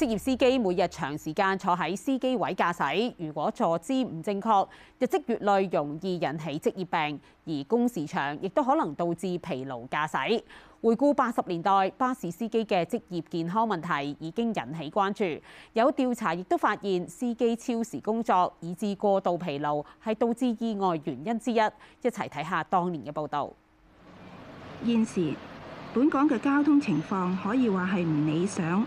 職業司機每日長時間坐喺司機位駕駛，如果坐姿唔正確，日積月累容易引起職業病，而工時長亦都可能導致疲勞駕駛。回顧八十年代，巴士司機嘅職業健康問題已經引起關注，有調查亦都發現司機超時工作以致過度疲勞，係導致意外原因之一。一齊睇下當年嘅報道。現時本港嘅交通情況可以話係唔理想。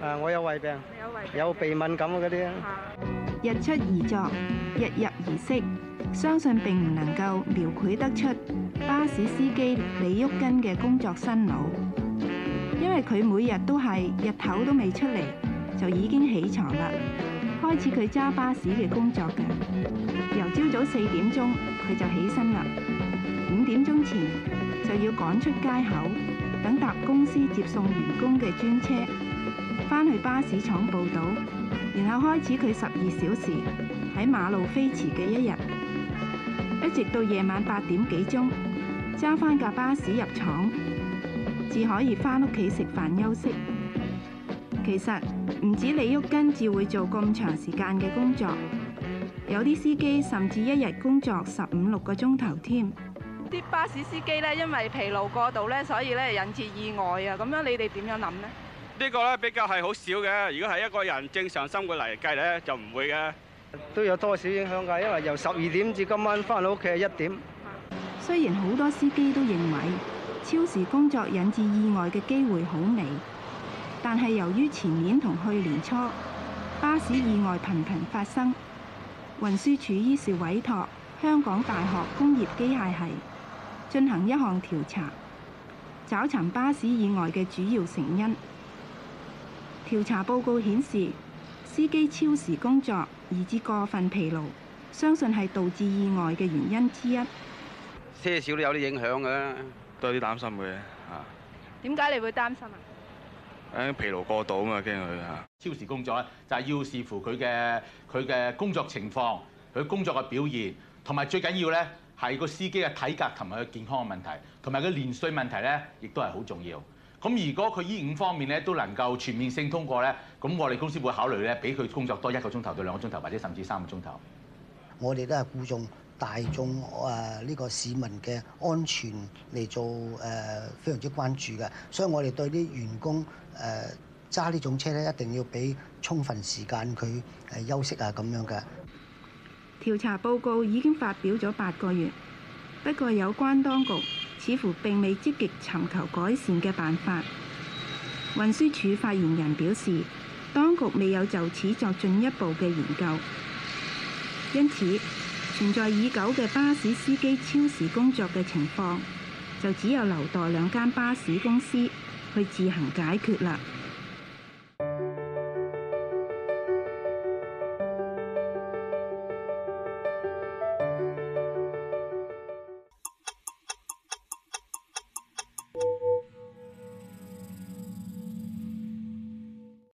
誒，我有胃病，有胃病，有鼻敏感嗰啲咧。日出而作，日入而息，相信並唔能夠描繪得出巴士司機李旭根嘅工作辛勞，因為佢每日都係日頭都未出嚟就已經起床啦，開始佢揸巴士嘅工作嘅。由朝早四點鐘佢就起身啦，五點鐘前就要趕出街口，等搭公司接送員工嘅專車。返去巴士廠報到，然後開始佢十二小時喺馬路飛馳嘅一日，一直到夜晚八點幾鐘揸翻架巴士入廠，至可以返屋企食飯休息。其實唔止李旭根，至會做咁長時間嘅工作，有啲司機甚至一日工作十五六個鐘頭添。啲巴士司機咧，因為疲勞過度咧，所以咧引致意外啊！咁樣你哋點樣諗呢？呢個咧比較係好少嘅。如果係一個人正常生活嚟計咧，就唔會嘅，都有多少影響㗎。因為由十二點至今晚返到屋企係一點。雖然好多司機都認為超時工作引致意外嘅機會好微，但係由於前年同去年初巴士意外頻頻發生，運輸署於是委託香港大學工業機械系進行一項調查，找尋巴士意外嘅主要成因。調查報告顯示，司機超時工作以致過分疲勞，相信係導致意外嘅原因之一。些少都有啲影響嘅，都有啲擔心嘅，嚇。點解你會擔心啊？誒，疲勞過度啊嘛，驚佢嚇超時工作咧，就係要視乎佢嘅佢嘅工作情況、佢工作嘅表現，同埋最緊要咧係個司機嘅體格同埋佢健康嘅問題，同埋佢年歲問題咧，亦都係好重要。咁如果佢呢五方面咧都能夠全面性通過咧，咁我哋公司會考慮咧，俾佢工作多一個鐘頭到兩個鐘頭或者甚至三個鐘頭，我哋都係顧重大眾誒呢個市民嘅安全嚟做誒非常之關注嘅，所以我哋對啲員工誒揸呢種車咧，一定要俾充分時間佢誒休息啊咁樣嘅。調查報告已經發表咗八個月，不過有關當局，似乎並未積極尋求改善嘅辦法。運輸署發言人表示，當局未有就此作進一步嘅研究，因此存在已久嘅巴士司機超時工作嘅情況，就只有留待兩間巴士公司去自行解決啦。